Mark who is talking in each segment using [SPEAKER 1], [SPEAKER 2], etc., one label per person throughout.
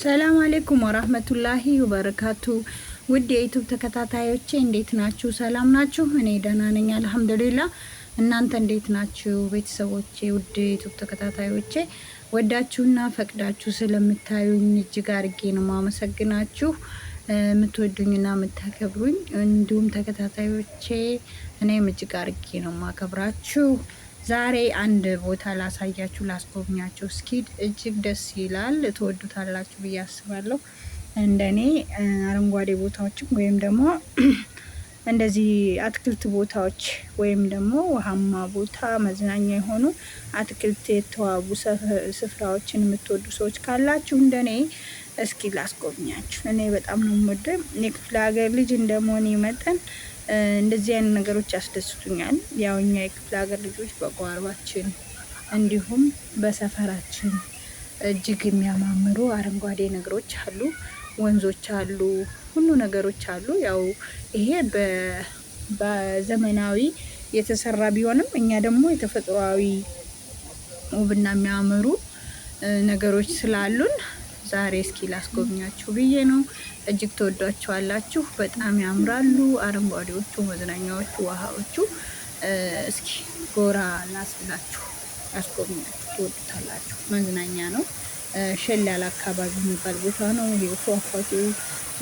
[SPEAKER 1] ሰላም አሌይኩም ወራህመቱላሂ ወበረካቱ። ውድ የዩቱብ ተከታታዮቼ እንዴት ናችሁ? ሰላም ናችሁ? እኔ ደህና ነኝ አልሐምዱሊላ። እናንተ እንዴት ናችሁ? ቤተሰቦቼ፣ ውድ የዩቱብ ተከታታዮቼ ወዳችሁና ፈቅዳችሁ ስለምታዩኝ እጅግ አርጌ ነው ማመሰግናችሁ። የምትወዱኝና የምታከብሩኝ እንዲሁም ተከታታዮቼ እኔም እጅግ አርጌ ነው ማከብራችሁ። ዛሬ አንድ ቦታ ላሳያችሁ ላስጎብኛችሁ። እስኪድ እጅግ ደስ ይላል፣ ትወዱታላችሁ ብዬ አስባለሁ። እንደኔ አረንጓዴ ቦታዎችም ወይም ደግሞ እንደዚህ አትክልት ቦታዎች ወይም ደግሞ ውሃማ ቦታ መዝናኛ የሆኑ አትክልት የተዋቡ ስፍራዎችን የምትወዱ ሰዎች ካላችሁ እንደኔ እስኪ ላስጎብኛችሁ። እኔ በጣም ነው የምወደው የክፍለ ሀገር ልጅ እንደመሆኔ መጠን እንደዚህ አይነት ነገሮች ያስደስቱኛል። ያው እኛ የክፍለ ሀገር ልጆች በጓሯችን እንዲሁም በሰፈራችን እጅግ የሚያማምሩ አረንጓዴ ነገሮች አሉ፣ ወንዞች አሉ፣ ሁሉ ነገሮች አሉ። ያው ይሄ በዘመናዊ የተሰራ ቢሆንም እኛ ደግሞ የተፈጥሯዊ ውብና የሚያምሩ ነገሮች ስላሉን ዛሬ እስኪ ላስጎብኛችሁ ብዬ ነው። እጅግ ተወዷቸዋላችሁ። በጣም ያምራሉ አረንጓዴዎቹ፣ መዝናኛዎቹ፣ ውሃዎቹ። እስኪ ጎራ ላስብላችሁ፣ ላስጎብኛችሁ። ትወዱታላችሁ። መዝናኛ ነው። ሸላል አካባቢ የሚባል ቦታ ነው። ፏፏቴ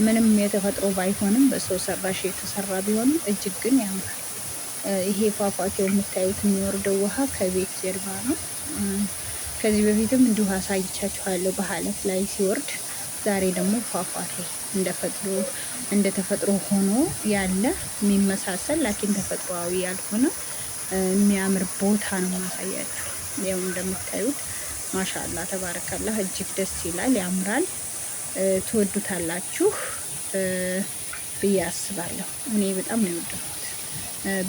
[SPEAKER 1] ምንም የተፈጥሮ ባይሆንም በሰው ሰራሽ የተሰራ ቢሆንም እጅግ ግን ያምራል። ይሄ ፏፏቴው የምታዩት የሚወርደው ውሃ ከቤት ጀርባ ነው። ከዚህ በፊትም እንዲሁ አሳይቻችኋለሁ በሀለት ላይ ሲወርድ። ዛሬ ደግሞ ፏፏቴ እንደ ተፈጥሮ እንደ ተፈጥሮ ሆኖ ያለ የሚመሳሰል ላኪን ተፈጥሯዊ ያልሆነ የሚያምር ቦታ ነው ማሳያችሁ። ያው እንደምታዩት ማሻላ ተባረካላህ፣ እጅግ ደስ ይላል፣ ያምራል፣ ትወዱታላችሁ ብዬ አስባለሁ። እኔ በጣም ነው የወደድኩት።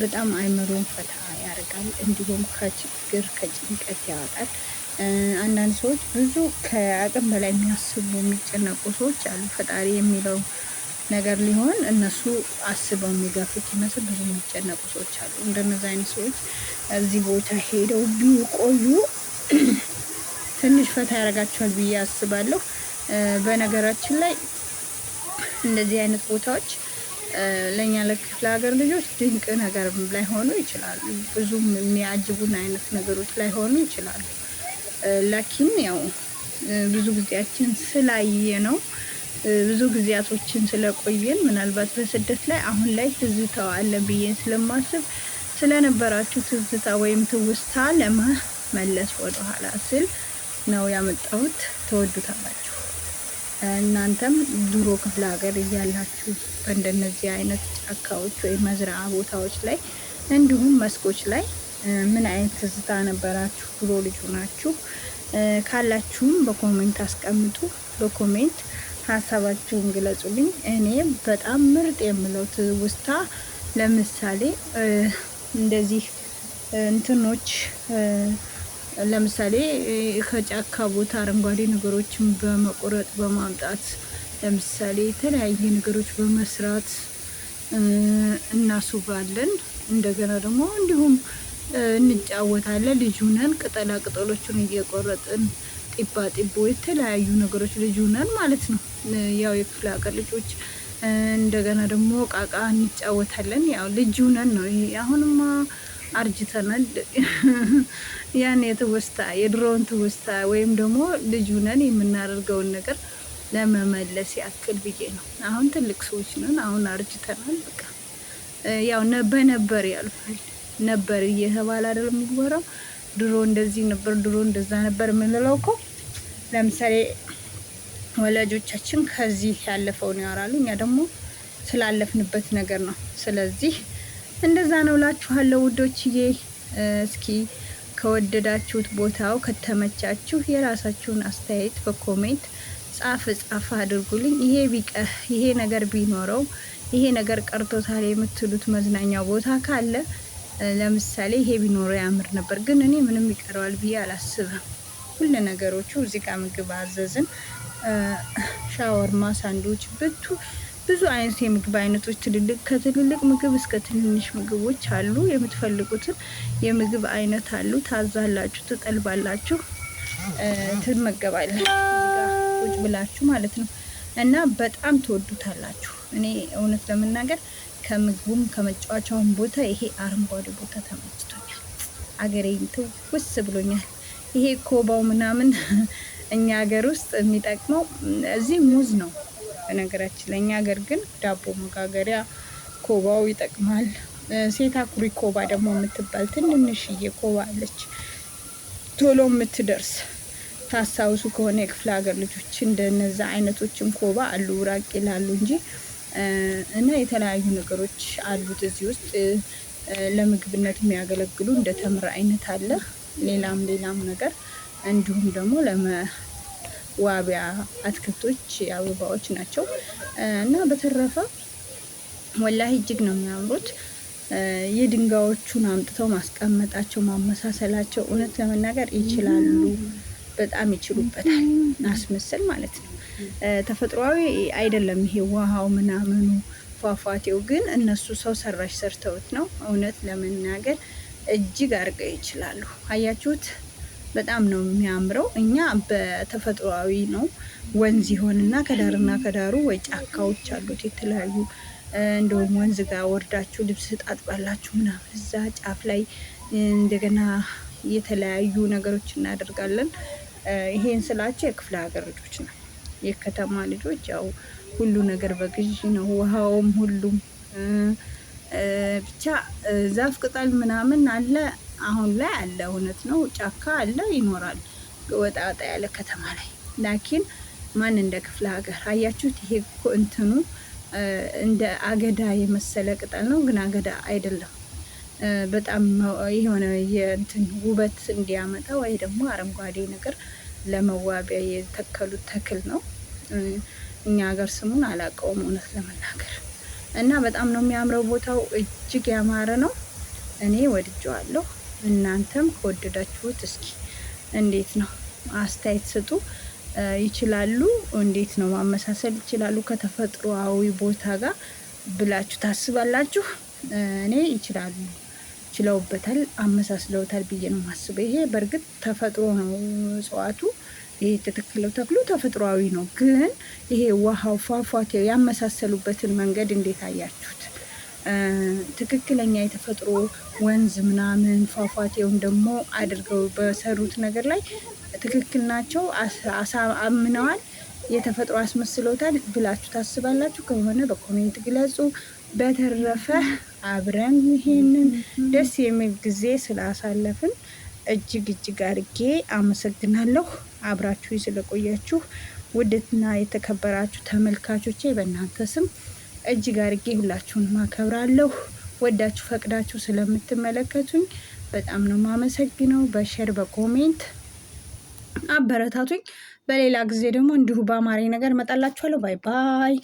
[SPEAKER 1] በጣም አይምሮን ፈታ ያደርጋል፣ እንዲሁም ከችግር ከጭንቀት ያወጣል። አንዳንድ ሰዎች ብዙ ከአቅም በላይ የሚያስቡ የሚጨነቁ ሰዎች አሉ። ፈጣሪ የሚለው ነገር ሊሆን እነሱ አስበው የሚገፉት ይመስል ብዙ የሚጨነቁ ሰዎች አሉ። እንደነዚ አይነት ሰዎች እዚህ ቦታ ሄደው ቢቆዩ ትንሽ ፈታ ያደርጋቸዋል ብዬ አስባለሁ። በነገራችን ላይ እንደዚህ አይነት ቦታዎች ለእኛ ለክፍለ ሀገር ልጆች ድንቅ ነገር ላይሆኑ ይችላሉ። ብዙም የሚያጅቡን አይነት ነገሮች ላይሆኑ ይችላሉ። ላኪን ያው ብዙ ጊዜያችን ስላየ ነው ብዙ ጊዜያቶችን ስለቆየን ምናልባት በስደት ላይ አሁን ላይ ትዝታው አለ ብዬ ስለማስብ ስለነበራችሁ ትዝታ ወይም ትውስታ ለመመለስ ወደኋላ ስል ነው ያመጣሁት። ተወዱታላችሁ። እናንተም ድሮ ክፍለ ሀገር እያላችሁ በእንደነዚህ አይነት ጫካዎች ወይም መዝራ ቦታዎች ላይ እንዲሁም መስኮች ላይ ምን አይነት ትዝታ ነበራችሁ ድሮ ልጁ ናችሁ ካላችሁም በኮሜንት አስቀምጡ። በኮሜንት ሀሳባችሁን ግለጹልኝ። እኔ በጣም ምርጥ የምለው ትውስታ ለምሳሌ እንደዚህ እንትኖች ለምሳሌ ከጫካ ቦታ አረንጓዴ ነገሮችን በመቁረጥ በማምጣት ለምሳሌ የተለያየ ነገሮች በመስራት እናስውባለን። እንደገና ደግሞ እንዲሁም እንጫወታለን። ልጅ ሁነን ቅጠላ ቅጠሎቹን እየቆረጥን ጢባ ጢቦ የተለያዩ ነገሮች ልጅ ሁነን ማለት ነው። ያው የክፍለ ሀገር ልጆች እንደገና ደግሞ ቃቃ እንጫወታለን። ያው ልጅ ነው ይሄ። አሁንማ አርጅተናል። ያን የትውስታ የድሮውን ትውስታ ወይም ደግሞ ልጅ ሁነን የምናደርገውን ነገር ለመመለስ ያክል ብዬ ነው። አሁን ትልቅ ሰዎች ነን። አሁን አርጅተናል። በቃ ያው በነበር ያልፋል። ነበር እየተባለ አይደለም የሚወራው? ድሮ እንደዚህ ነበር፣ ድሮ እንደዛ ነበር የምንለው እኮ ለምሳሌ ወላጆቻችን ከዚህ ያለፈውን ያወራሉ፣ እኛ ደግሞ ስላለፍንበት ነገር ነው። ስለዚህ እንደዛ ነው እላችኋለሁ ውዶችዬ። እስኪ ከወደዳችሁት ቦታው ከተመቻችሁ የራሳችሁን አስተያየት በኮሜንት ጻፍ ጻፍ አድርጉልኝ። ይሄ ቢቀ ይሄ ነገር ቢኖረው ይሄ ነገር ቀርቶታል የምትሉት መዝናኛ ቦታ ካለ ለምሳሌ ይሄ ቢኖረው ያምር ነበር፣ ግን እኔ ምንም ይቀረዋል ብዬ አላስብም። ሁሉ ነገሮቹ እዚህ ጋር ምግብ አዘዝን፣ ሻወርማ፣ ሳንዶች ብቱ ብዙ አይነት የምግብ አይነቶች ትልልቅ ከትልልቅ ምግብ እስከ ትንንሽ ምግቦች አሉ። የምትፈልጉትን የምግብ አይነት አሉ። ታዛላችሁ፣ ትጠልባላችሁ፣ ትመገባላችሁ ቁጭ ብላችሁ ማለት ነው እና በጣም ትወዱታላችሁ። እኔ እውነት ለመናገር ከምግቡም ከመጫወቻውም ቦታ ይሄ አረንጓዴ ቦታ ተመችቶኛል። አገሬን ትውስ ብሎኛል። ይሄ ኮባው ምናምን እኛ ሀገር ውስጥ የሚጠቅመው እዚህ ሙዝ ነው። በነገራችን ለእኛ ሀገር ግን ዳቦ መጋገሪያ ኮባው ይጠቅማል። ሴታ ኩሪ ኮባ ደግሞ የምትባል ትንንሽዬ ኮባ አለች፣ ቶሎ የምትደርስ ታስታውሱ ከሆነ የክፍለ ሀገር ልጆች እንደነዛ አይነቶችም ኮባ አሉ፣ ራቅ ይላሉ እንጂ እና የተለያዩ ነገሮች አሉት እዚህ ውስጥ ለምግብነት የሚያገለግሉ እንደ ተምር አይነት አለ። ሌላም ሌላም ነገር እንዲሁም ደግሞ ለመዋቢያ አትክልቶች አበባዎች ናቸው እና በተረፈ ወላሂ እጅግ ነው የሚያምሩት። የድንጋዮቹን አምጥተው ማስቀመጣቸው ማመሳሰላቸው፣ እውነት ለመናገር ይችላሉ፣ በጣም ይችሉበታል፣ አስመሰል ማለት ነው። ተፈጥሯዊ አይደለም ይሄ ውሃው ምናምኑ ፏፏቴው ግን እነሱ ሰው ሰራሽ ሰርተውት ነው። እውነት ለመናገር እጅግ አድርገው ይችላሉ። አያችሁት? በጣም ነው የሚያምረው። እኛ በተፈጥሯዊ ነው ወንዝ ይሆንና ከዳርና ከዳሩ ወይ ጫካዎች አሉት የተለያዩ እንደውም ወንዝ ጋር ወርዳችሁ ልብስ ታጥባላችሁ ምናምን እዛ ጫፍ ላይ እንደገና የተለያዩ ነገሮች እናደርጋለን። ይሄን ስላቸው የክፍለ ሀገር ልጆች ነው። የከተማ ልጆች ያው ሁሉ ነገር በግዥ ነው። ውሃውም ሁሉም ብቻ ዛፍ ቅጠል ምናምን አለ አሁን ላይ አለ። እውነት ነው፣ ጫካ አለ ይኖራል፣ ወጣጣ ያለ ከተማ ላይ ላኪን ማን እንደ ክፍለ ሀገር አያችሁት? ይሄ እኮ እንትኑ እንደ አገዳ የመሰለ ቅጠል ነው፣ ግን አገዳ አይደለም። በጣም የሆነ የእንትን ውበት እንዲያመጣ ወይ ደግሞ አረንጓዴ ነገር ለመዋቢያ የተከሉት ተክል ነው። እኛ ሀገር ስሙን አላውቀውም እውነት ለመናገር እና በጣም ነው የሚያምረው። ቦታው እጅግ ያማረ ነው። እኔ ወድጀዋለሁ። እናንተም ከወደዳችሁት እስኪ እንዴት ነው አስተያየት ስጡ። ይችላሉ እንዴት ነው ማመሳሰል ይችላሉ ከተፈጥሮአዊ ቦታ ጋር ብላችሁ ታስባላችሁ? እኔ ይችላሉ ችለውበታል፣ አመሳስለውታል ብዬ ነው የማስበው። ይሄ በእርግጥ ተፈጥሮ ነው እጽዋቱ ይሄ የተተከለው ተክሉ ተፈጥሯዊ ነው። ግን ይሄ ውሃው ፏፏቴው ያመሳሰሉበትን መንገድ እንዴት አያችሁት? ትክክለኛ የተፈጥሮ ወንዝ ምናምን ፏፏቴውን ደግሞ አድርገው በሰሩት ነገር ላይ ትክክል ናቸው። አሳምነዋል። የተፈጥሮ አስመስሎታል ብላችሁ ታስባላችሁ ከሆነ በኮሜንት ግለጹ። በተረፈ አብረን ይሄንን ደስ የሚል ጊዜ ስላሳለፍን እጅግ እጅግ አድርጌ አመሰግናለሁ። አብራችሁ ስለቆያችሁ ውድና የተከበራችሁ ተመልካቾቼ በእናንተ ስም እጅግ አድርጌ ሁላችሁንም አከብራለሁ። ወዳችሁ ፈቅዳችሁ ስለምትመለከቱኝ በጣም ነው የማመሰግነው። በሸር በኮሜንት አበረታቱኝ። በሌላ ጊዜ ደግሞ እንዲሁ በአማሪ ነገር እመጣላችኋለሁ። ባይ ባይ።